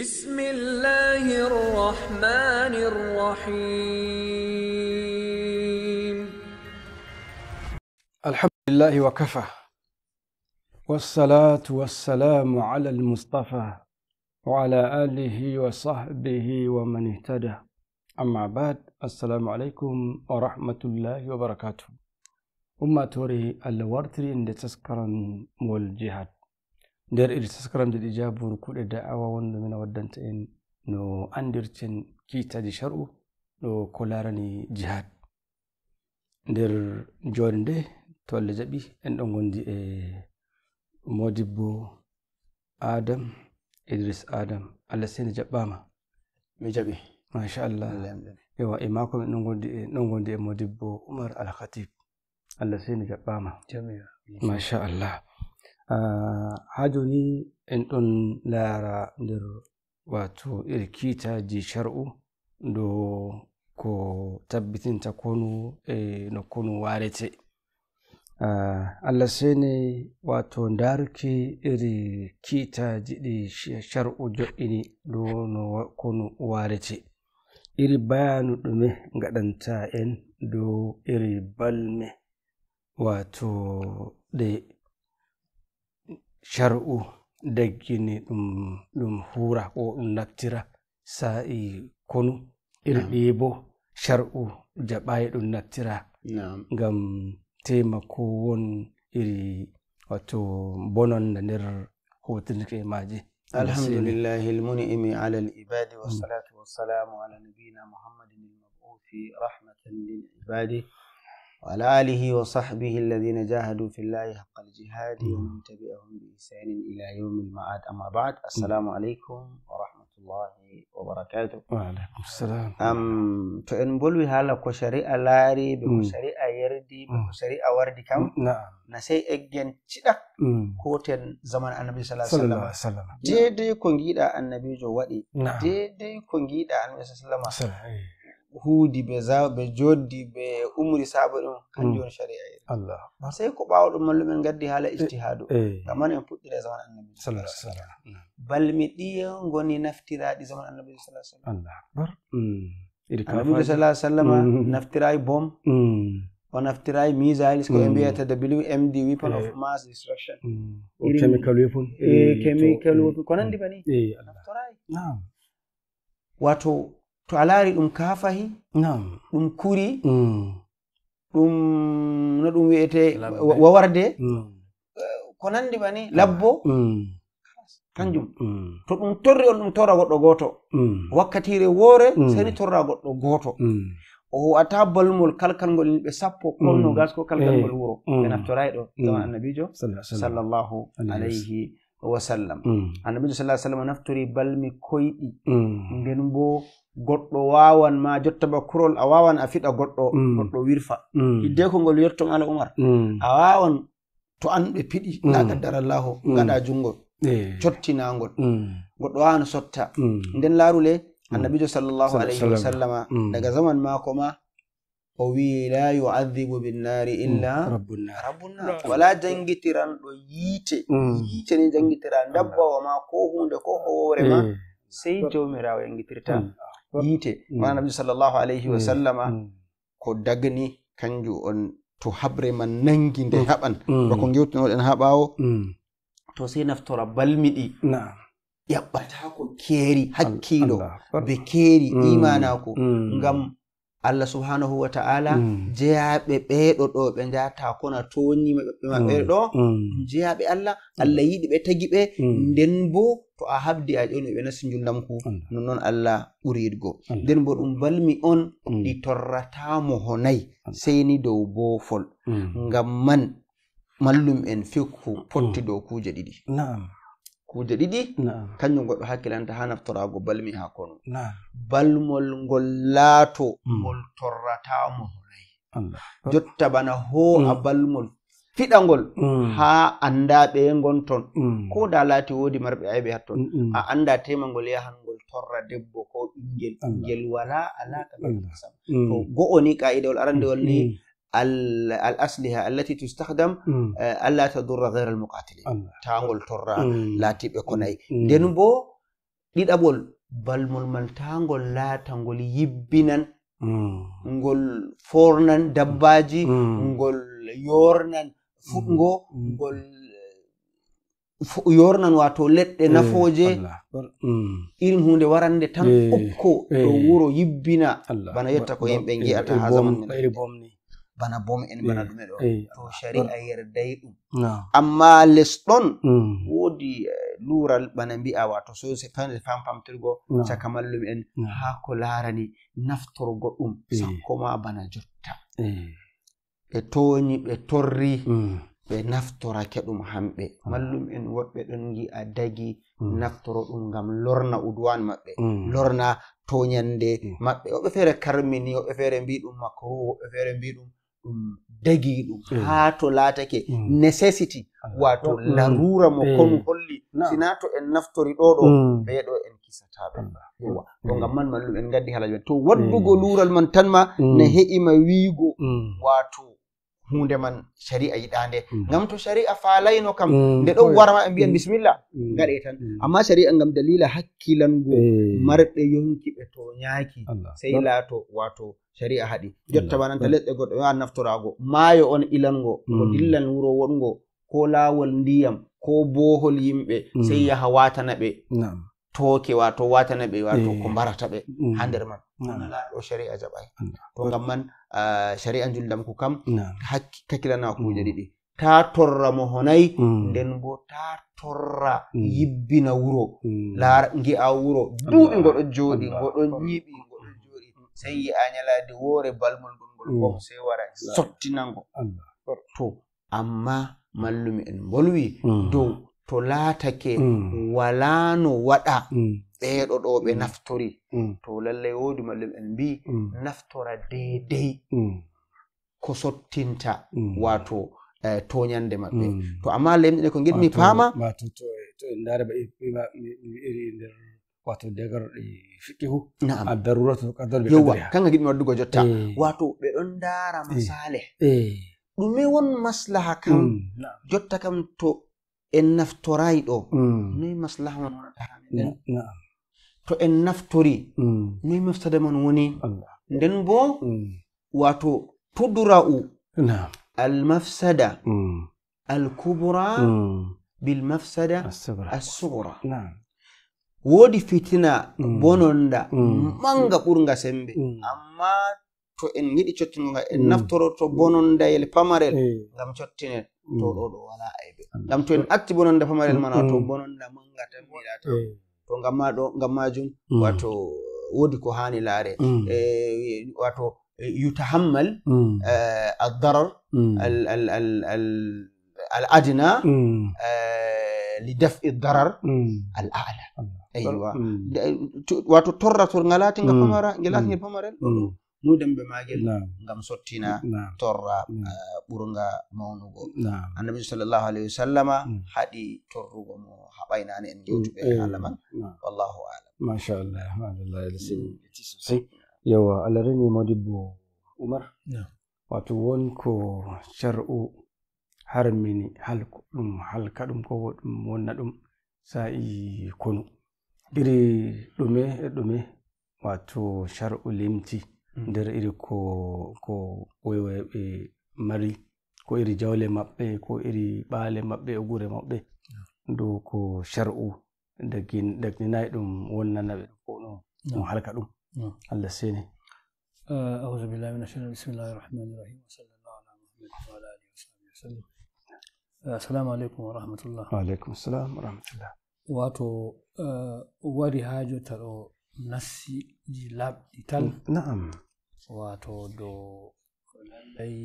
بسم الله الرحمن الرحيم الحمد لله وكفى والصلاة والسلام على المصطفى وعلى آله وصحبه ومن اهتدى أما بعد السلام عليكم ورحمة الله وبركاته أمة توري الورتري إن تسكرن والجهاد nder iri taskaramde ɗi jaaburu kuuɗe da awa wonno min a waddanta en no andirten kiitaji shar'u ɗo ko larani jihad nder jooni nde to allah jaɓi en ɗo gondi e modibbo adam idris adam allah seni jaɓɓama mi jaɓi machallah ewa e mako min ɗogondi e ɗo gondi e, e modibbo umar al khatib allah seni jaɓɓama machallah ha ah, joni en ɗon lara nder wato iri kiitaji shar'u do ko tabbitinta konu e no konu warete ah, allah seni wato daruki iri kiitaji ɗi shar'u joini do no konu warete iri bayanu ɗume gaɗanta en do iri balme wato ɗe shar'u daggini ɗum hura ko ɗum naftira sa'i konu irɗi bo shar'u jaɓayi ɗum naftira ngam taimako won iri wato bonon na nder hotirke maji الحمد لله المنعم على العباد والصلاة والسلام على نبينا محمد المبعوث رحمة للعباد وعلى آله وصحبه الذين جاهدوا في الله حق الجهاد ومن تبعهم بإحسان إلى يوم المعاد أما بعد السلام عليكم ورحمة الله وبركاته وعليكم السلام أم تؤن بلوي هالا كشريع لاري بكشريع يردي بكشريع وردي كم نعم نسي أجن تشدا كوتن زمن النبي صلى الله عليه وسلم جيدي كونجيدا النبي جو ودي نعم جيدي النبي صلى الله عليه وسلم huudi ɓe ɓe joddi ɓe umri saaba ɗum kanjum mm. woni sharia en allah sey ko ɓaawo ɗum mallumen gaddi haala eh, ijtihadu ngam eh. man en puɗɗira e zaman annabi mm. balmi ɗiya ngoni naftiraɗi zaman annabi sa sallam allah akbar mm. annabijo sa sallama naftirayi bom o naftirayi missiles ko ɓe mbiyata wmd weapon of eh. mass destruction chemical weapon chemical weapon ko nandi bani naftorayi wato to a laari ɗum kaafahi nam ɗum kuri mm. ɗum no ɗum wi'ete wawarde mm. ko nandi ɓani labbo mm. kanjum to ɗum torri on ɗum torra goɗɗo gooto wakkatire woore seni torra goɗɗo gooto o wata balmol kalkalngol yimɓe sappo konno gas ko kalkalngol eh. wuro ɓe naftorayi ɗo zaman annabijo sallllahu alayhi wasallam annabijo sa sallam naftori balmi koyɗi nden boo goɗɗo wawan ma jotta ba kurol a wawan a fiɗa goɗɗo mm. goɗɗo wirfa mm. hidde ko ngol yetton ala umar mm. a wawan to an ɓe piɗi la gaddar allahu gaɗa jungo cottinagol eh. goɗɗo wawan sotta nden larule annabijo sallllahu alayhi wasallama daga zaman mako ma o wi la yuadibu binnari illa rabbunar wala jangitiranɗo yiite yiite ni jangitira dabbawa ma ko hunde ko howore ma eh. sey jomirawo yangitirta yiite wana mm. nabi sallllahu alayhi wa mm. sallama mm. ko dagani kanju on to habre man nangi nde haɓan bako gewtinoɗen ha ɓawo to sei naftora balmiɗi ƴaɓɓatako keeri hakkiiɗo be keeri imanako ngam allah subhanahu wa ta'ala jeyaɓe ɓeɗo ɗo ɓe jata kona toni maɓɓe maɓɓeɗo jeyaɓe allah allah yiɗi ɓe tagi ɓe nden bo to a habdi a ƴoni ɓe nasti njuldamku nonnoon allah ɓuri yiɗgo nden bo ɗum balmi on mm. ɗi torratamo ho nayi seyni dow boofol mm. ngam man mallum en fikku mm. potti dow kuuje ɗiɗi kuuje ɗiɗi kanjum goɗɗo hakkilanta ha naftorago balmi ha kono balmol ngol laato ngol torratamo ho nayi jotta bana ho a balmol fiɗangol mm. ha anda ɓe gon ton mm. ko da lati wodi marɓe ayɓe hatton mm, a anda temangol yahangol torra debbo ko ɓingel ɓingel wala alaka ɓeasam to go'o ni kaidawol arandewol ni al asliha allati tustahdam eh, alla tadurra gair al mukatilin tagol torra latiɓe konayi nden bo ɗiɗaɓol balmol man tagol latangol yibbinan ngol fornan dabbaji ngol yornan fuɗgo mm. Mm. ngol eh, yornan wato leɗɗe eh, nafoje mm. irin hunde warande tan ukko eh, ɗo wuro yibbina bana yetta ko yimɓe giyata ha zamanni bana bom en bana ɗume ɗo to sharia yerdayi ɗum amma les ɗon woodi lural bana mbi'a wato sose fane fanfamtirgo caka mallum en ha ko larani naftorgo ɗum sakkoma bana jotta ɓe tooñi ɓe torri mm. ɓe naftorake ɗum hamɓe mallum en woɓɓe ɗon gi'a dagi mm. naftoro ɗum ngam lorna udwan maɓɓe mm. lorna toñande maɓɓe woɓɓe feere karmini woɓɓe feere mbi ɗum makro woɓɓe feere mbi ɗum ɗum dagi ɗum haa to laatake necessity wato larura mo konu holli sina to en naftori ɗo ɗo ɓeeɗo en kisata ɓen to ngam man mallum en gaddi halaji men to waddugo luural man tan ma ne heɓima wiigo wato hunde man sharia yiɗande mm. ngam to sharia falayno kam mm. nde ɗon warama ɓe mbiyan mm. bismillah gaɗe tan amma sharia ngam dalila hakkilango eh. marɓe yonki ɓe to ñaaki sey laato wato sharia haɗi jotta bananta leɗɗe goɗɗo wa naftorago maayo on ilango ko dillan wuro wonngo ko laawol ndiyam ko bohol yimɓe sey yaha watana ɓe tooke wato watana ɓe wato eh. ko mbarata ɓe mm. ha nder man mm. ɗo sharia jaɓay mm. to ngam man ah, sharia juldamko kam hakkilana kuje ɗiɗi ta torra mo honayi nden bo ta torra yibbina wuro laara ngi'a wuro duuɓi ngoɗo jooɗi ngoɗo ñiɓi ngoɗo jooɗi sey yi'a ñalaade woore balmol ngol ngol gom sey wara sottinango to amma mallumi en mbolwi dow to laatake mm. walaa no waɗa ɓeeɗo mm. ɗo ɓe mm. naftori to lallay woodi mallum en mbi naftora deedey ko sottinta waato eh, toñande maɓɓe to amma lemɗene ko giɗmi paama wato degar ɗi fiɗɗi hu naama darurato kadar yewwa kanga giɗmi waddugo jotta eh. wato ɓe ɗon ndaara eh. masaleh ɗume won maslaha kam jotta kam to en naftorayi ɗo noyi maslaha man wonata haa nden to en naftori noyi mafsada man woni nden bo wato tudra'u almafsada alkubra bilmafsada assugra woodi fitina bononda manga ɓurga sembe amma to en yiɗi cottingoga en mm. naftoro to bonon dayel pamarel ngam cottinen mm. to ɗo ɗo wala ayɓe ngam to en acti bononda pamarel mana to mm. bononda manga tan wiɗata to ngamma ɗo ngam majum wato woodi ko hani laare e wato yutahammal eh, addarar al adina eh, li daf'i darar al ala eywa wato torratol ngalatinga pamara ngelatigel pamarel ɗo nuden ɓe magel ngam sottina torra eh, ɓurga mawnugo annabi sallallahu alaihi wasallama sallama hmm. haɗi torrugo mo haɓaynani en hmm. jewtuɓe e haala man wallahu alam machallah malallah hmm, sosai yawa allah reni modibbo umar wato ko shar'u harmini halko ɗum halka ɗum ko ɗum wonna ɗum sa'i kunu iri ɗume e ɗume wato shar'u limti Mm. nder iri ko ko woyowoɓe e, mari ko iri jawle maɓɓe ko iri ɓaale maɓɓe e gure maɓɓe dow ko shar'u dagninayi ɗum wonnana ɓe ko ɗum halka ɗum allah seni أعوذ بالله من الشيطان بسم الله nassiji laaɓɗi tal naam wato do lallay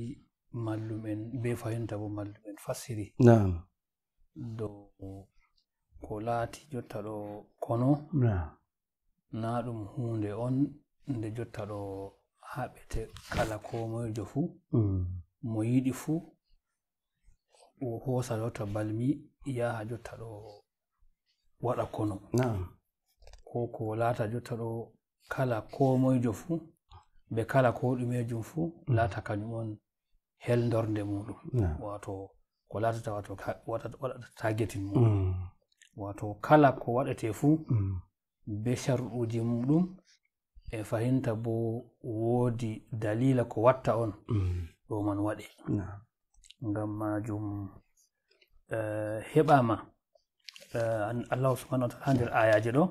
mallum en be fayinta bo mallum en fassiri naam do ko laati jotta ɗo kono na ɗum hunde on nde jotta ɗo haɓete kala komoyjo fuu mo yiɗi fuu o hoosa jotta balmi yaha jotta ɗo waɗa kono naam ko ko laata jotta ɗo kala komoyjo fuu be kala ko ɗumejum fuu mm. laata kañum on heldorde muɗum wato ko laatata wato waɗata tagetin muɗum mm. wato kala ko waɗete fuu mm. be sharɗuji muɗum e fahinta bo woodi dalila ko watta on ɗo man waɗe ngam majum eh, heɓama eh, allahu subhanau wa taala ha nder ayaji ɗo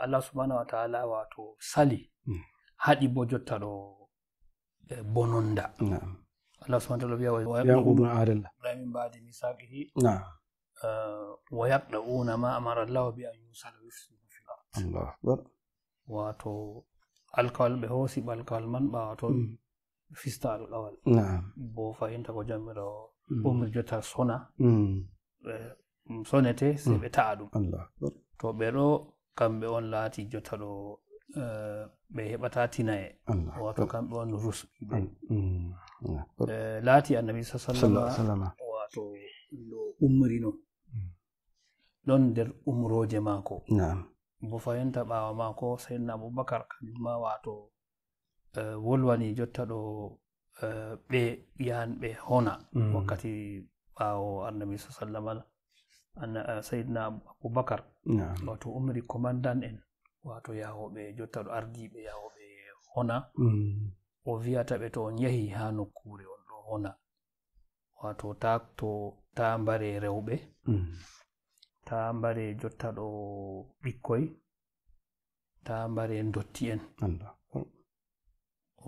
allah subhanahu wa taala wato sali hadi bo jotta ɗo bononda na'am allah subhanahu wa taala wiya yanqudu adallah ibrahim badi misaqihi na'am wa yaqda'una ma amara allah bi an yusala yufsidu fil ard allah akbar wato alkawal ɓe hoosi alkawal man ɓaawa toon fista na'am bo fahinta ko jammiɗo umri jotta sona sonete se ɓe ta'a ɗum to ɓe ɗo kamɓe on laati jotta ɗo eh, ɓe heɓata tinaye wato kamɓe on rusɓiɓe mm, mm, eh, laati annabi sasallama wato no umri no mm. ɗon nder umroje maako bo fayinta ɓawa maako sayidna aboubacar kañumma wato eh, wolwani jotta ɗo ɓe yahan ɓe hona wakkati ɓawo annabi sa sallama Eh, sayidna aboubacar wato umri commandant en wato yahoɓe jotta ɗo ardiɓe yahoɓe hona mm. o wiyata ɓe to on yahi ha nokkure on ɗo hona wato tato ta mbare rewɓe mm. ta mbare jotta ɗo ɓikkoy ta mbare dotti en oh.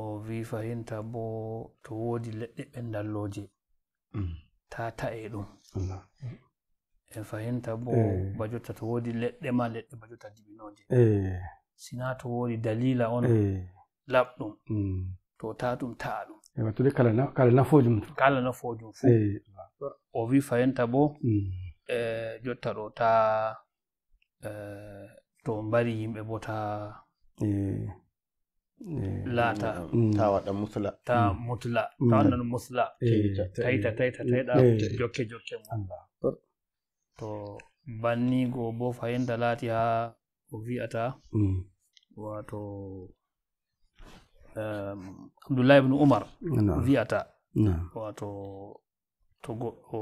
o wi fahinta bo to wodi leɗɗe ɓendalloje mm. ta ta'e ɗum en eh, fahimta bo eh. ba jotta to woodi leɗɗe ma leɗɗe ba jotta dibinoje eh. sina to woodi dalila on laɓɗum mm. to ta ɗum ta'a ɗum wattude kala nafojum kala nafojum fu o wi fahimta bo mm. jotta ɗo ta to mbari yimɓe bo ta laata mm. ta waɗa musla ta mutla ta waɗa musla tayta tayta tayɗa jokke jokke mum to banni go bo fayenda lati ha o vi'ata mm. wato um, abdoullahi ibn umar no. vi'ata no. wato to go, o,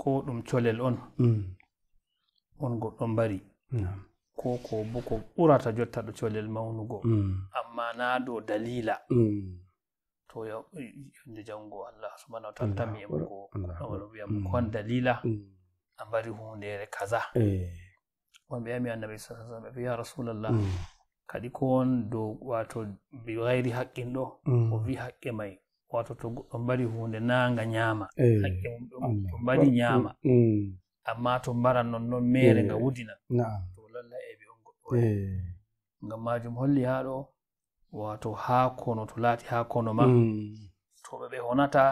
ko dum colel on mm. on bari no. ko ko bo ko ɓurata jotta ɗo colel mm. amma na do dalila mm. to yonde janngo allah subhanahu wa taala tammi e wiyam mm. kon dalila mm. a mbari hundere kaza eh. on ɓe yami annabi saaaslm ɓe ya rasulallah mm. kadi ko on dow wato gayri haqqin ɗo mm. o wi haqqe may wato to goɗɗo mbari hunde nanga ñaama eh. haqqe mumɗoto mbari ñaama mm. amma to mbaran nonnoon mere nga eh. wudina to lalla eɓe on goɗɗo ngam majum holli ha ɗo wato ha kono to laati ha kono ma to ɓe ɓe honata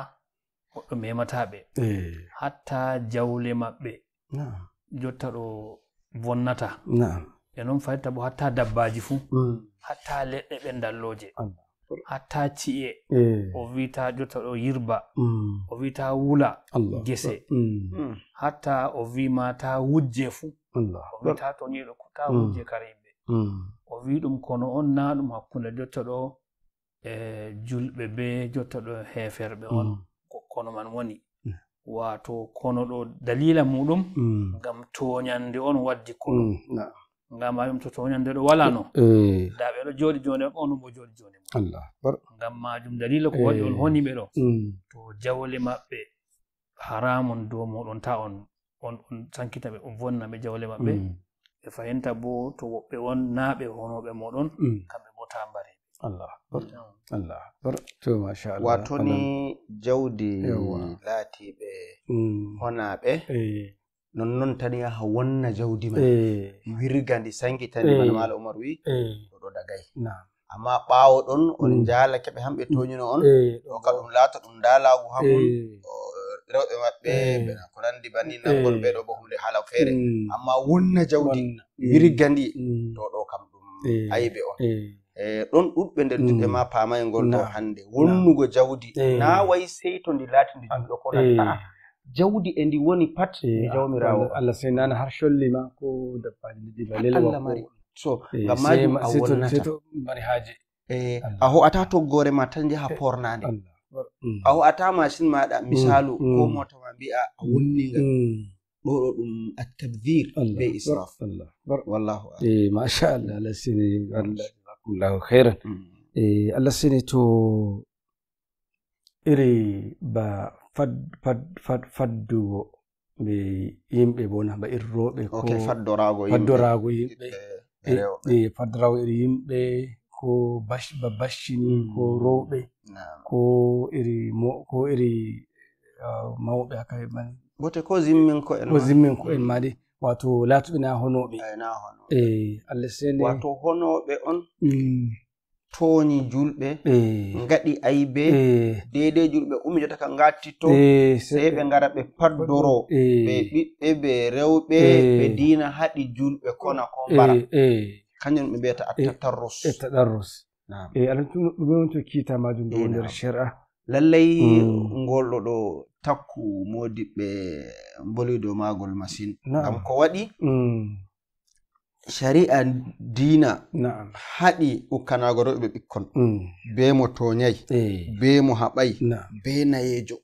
goɗɗo memataɓe eh. hatta jawle maɓɓe jotta ɗo bonnata e noon fayitta bo hatta dabbaji fuu mm. hatta leɗɗe ɓe dalloje hatta ci'e eh. o wiita jotta ɗo yirba mm. o wiita wula gese mm. hatta o wima ta wujje fuu o wiita to ñiɗo ta wujje kare yimɓe o wi ɗum kono on na ɗum hakkunde jotta ɗo e julɓe be jotta ɗo heferɓe on kono man woni mm. wato kono ɗo dalila muɗum mm. ngam toñande on waddi kono mm. ngam ayum to toñande ɗo wala no eh. nda ɓe ɗo jonde on onon bo jonde ngam majum dalila ko waɗi on eh. honi ɗo to jawle maɓɓe haramun dow muɗon ta on on sankita ɓe on vonna ɓe jawle maɓɓe ɓe fahinta bo to woɓɓe on naaɓe honoɓe moɗon kamɓe bo tambare watoni jawdi laatiɓe mm. honaɓe eh. nonnon tan yaha wonna jawdi ma eh. wirga ndi sangitani eh. manmala umar wi ɗoɗo dagay amma ɓawo ɗon on mm. jala keɓe hamɓe toñino on o ka ɗum laata ɗum da lagu hamum rewɓe maɓɓe ko nandi banni nangol ɓeɗo bo hunde haala feere mm. amma wonna jawdi wirga ndi to ɗo kam ɗum ayibe on e ɗon ɗuɗɓe nder mm. juɗe ma paamay ngol ɗo hannde wonnugo jawdi na wayi sey to ndi laati ndi juɗo ko nanta jawdi e ndi woni pat ndi jawmirawo allah sey nana har colli ma ko dabbaji ndi balelalla mari so ngam majum a wonnatamari haaji e a ho'ata toggore ma tan njaha pornande mm. a ho'ata machine maɗa mm, misalu ko motoma mbi'a a wonniga ɗo ɗo ɗum atabdir be israf wallahu a machallah alah sini allah jazakumllahu khairan mm. e allah sene to iri ba faddugo ɓe yimɓe bona ba irroɓe koaddorago yimɓe faddorago e, e, e, iri yimɓe ko ba bascini mm. ko rowɓe ko iri ko iri ah, mawɓe hakkaɓe mani bote ko zimminko en ko zimminko en ma de wato latuɓe na honoɓe allah sene wato honoɓe on toni julɓe gaɗi aybe deidei julɓe umijota ka gattito sei ɓe gara ɓe paddoro ɓe ɓiɓɓe ɓe rewɓe ɓe dina haɗi julɓe kona ko mbara kanjum ɓe mbiyata atatarros etaɗarros e alatuɗumeon to kiita majum ɗo nder shera lallay ngolɗo ɗo takku modiɓɓe mboli dow magol masin ngam ko waɗi mm. shari'a diina haɗi ukkanago rewɓe ɓikkon mm. be mo toyayi eh. be mo haɓayi be nayejo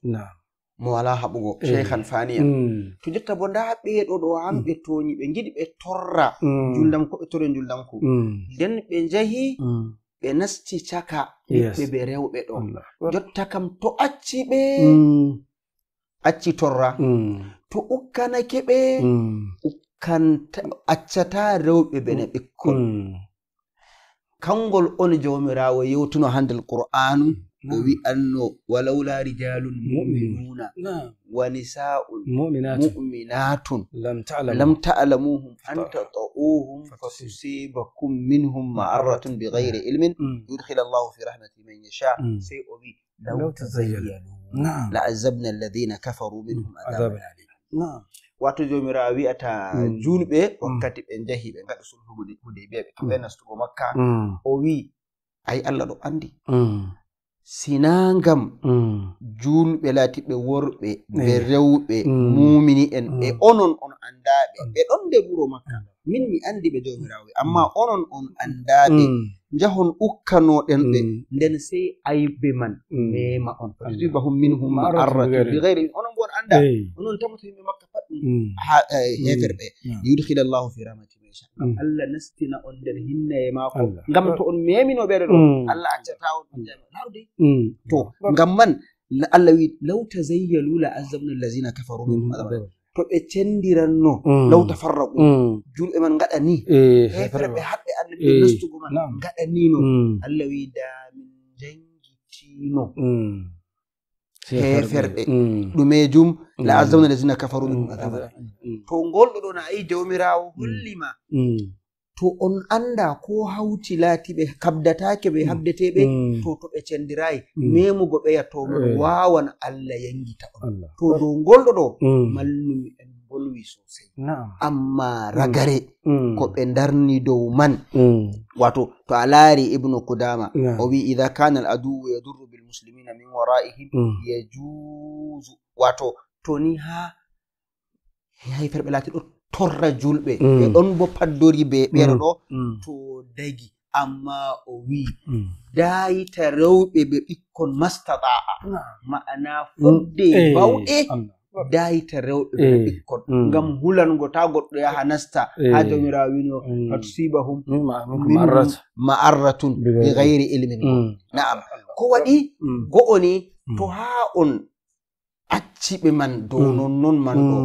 mo wala haɓugo eh. sheikhan faniya mm. to jotta bo nda ɓeeɗo ɗo hamɓe toñi ɓe giɗi ɓe torra juldam ko ɓe tore juldamku nden ɓe njahi ɓe nasti caka ɓiɓɓe ɓe rewɓe ɗo jotta kam to acci ɓe accitorra to ukkanake ɓe accata rewɓe ɓene ɓikkon kangol on jawmirawo yewtuno handel qur'anu o wi'anno walawla rijalun muminuna wa nisa'un mu'minatun lam ta'lamuhum an tata'uhum fatusibakum minhum ma'arratun bighayri ilmin yudkhil allahu fi rahmatihi man yasha sai o wi law tazayyalu na'am la'azzabna alladhina kafaru minhum mm, adhaban alim na'am wato jomirawo wi'ata mm. julɓe mm. wakkati ɓe jahi ɓe gaɗa sulhu hudaybiya ɓe keɓe nastugo makka o wi ayi allah ɗo andi sina ngam mm. julɓe laatiɓe worɓe ɓe rewɓe mumini mm. en ɓe mm. onon on anndaaɓe ɓe ɗon nde wuro makka min mi anndi ɓe jomirawɓe amma onon on anndaaɓe njahon ukkanoɗen ɓe nden sey aybe man mema on bahum minhum ma arrat bigayri onon bon annda onon tamotoyimɓe makka pat ha eh, hefere ɓe yudkila llahu fi rahmatim information ngam mm. allah nastina on nder hinnaye maako ngam to on memino ɓeɗo ɗo mm. allah accata on mm. larde to ngam man allah wi law tazayyaluula azzabna allazina kafaru minhum aa to ɓe cendiranno law tafarraku julɓe man ngaɗa ni eh, hefere ɓe haɓɓe eh, anna ɓe nastugo man ngaɗa nino allah wi damin jangitino heferɗe ɗumejum mm. la mm. azabna alladina kafaru minhum adaba mm. to ngolɗo ɗo na ayi jawmirawo hollima mm. to on anda ko hawti laati ɓe kabdatake ɓe habdeteɓe to to ɓe cendirayi memugo ɓeya to eh. wawan allah yangita on to dow ngolɗo ɗo mallumi en bolwi sosai amma ragare ko ɓe darni dow man wato to a laari ibnu kudama o wi ida kana al aduwu yadurru bilmuslimina min waraihim yajuusu wato to ni ha hayfere ɓe laati ɗo torra julɓe mm. ɓe ɗon bo paddori be mm. ɓeeɗo ɗo mm. to dagi amma o wii dayita rewɓe ɓe ɓikkon mastataa ma'ana fudde eh, bawɗe dayita rewɓe ɓe eh. ɓikkon ngam hulango ta goɗɗo yaha eh. nasta ha jamirawo wino fatusiba hum ma arratun be gayri ilmin naam ko waɗi go'o ni to ha on acciɓe man dow mm. nonnon man mm. ɗo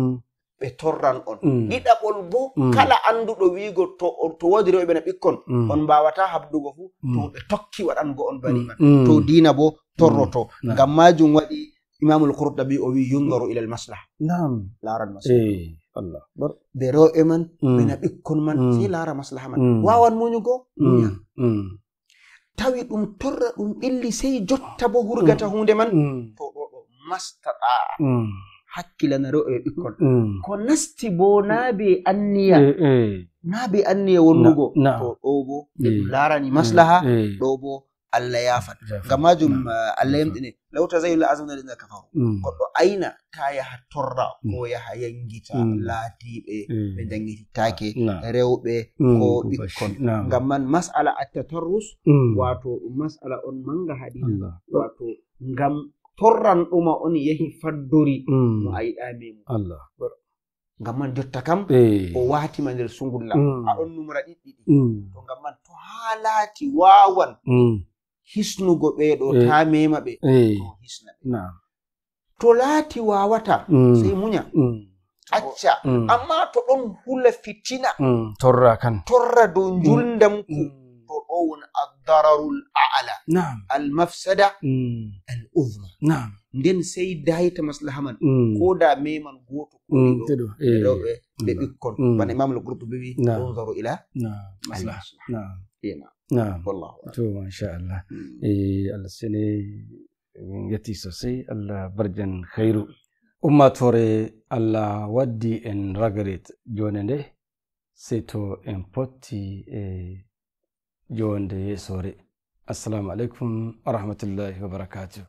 ɓe torran on mm. ɗiɗaɓol bo mm. kala anduɗo wiigo to, to wodiri o ɓena ɓikkon mm. on mbawata habdugo fu mm. to ɓe tokki waɗango on bani mm. man mm. to dina bo torroto mm. ngam majum waɗi imamul kurub ɗaɓi o wi yungaru ilal maslaha nam laran maslaha ɓe rewɓe man mm. ɓena ɓikkon man mm. sei laara maslaha man wawan muñugo tawi ɗum torra ɗum ɓilli sei jotta bo hurgata hunde man to ɗo nastata mm. hakkilanaro e ɓikkon mm. ko nasti bo naa be anniya eh, eh. naa be anniya wonnugo to ɗo bo eɗum eh. laarani maslaha ɗo bo allah yaafan ngam majum allah yamɗine law tazayul asmanalina kafaru mm. goɗɗo ayna ta yaha torra ko yaha yangita laatiɓe ɓe jangititake rewɓe ko ɓikkon ngam man masala attatarrus wato ɗum masala on manga haɗi wato ngam torran ɗuma on yahi faddori mm. mo ayiɗamimo ngam man jotta kam o watima nder sugulla mm. aɗon numra ɗiɗɗiɗi mm. to ngam man to haa laati wawan hisnugo ɓeɗo ta mema ɓe hisna ɓe to laati wawata sei muña acca amma to ɗon hula fitina torra kan torra dow julndamku to ɗo won a الضرر الأعلى نعم المفسدة العظمى نعم nden sey dayta maslaha man ko da me man goto koɗo ɗoɓe ɓe ɓikkon bana imam le groupe ɓe wi onzaru ila maslaha nam to machallah allah sene min yetti sosey allah barjan hayru ummatore allah waddi en ragaret jone nde sey to en potti e ga wanda ya saurari assalamu alaikum wa rahmatullahi wa barakatuh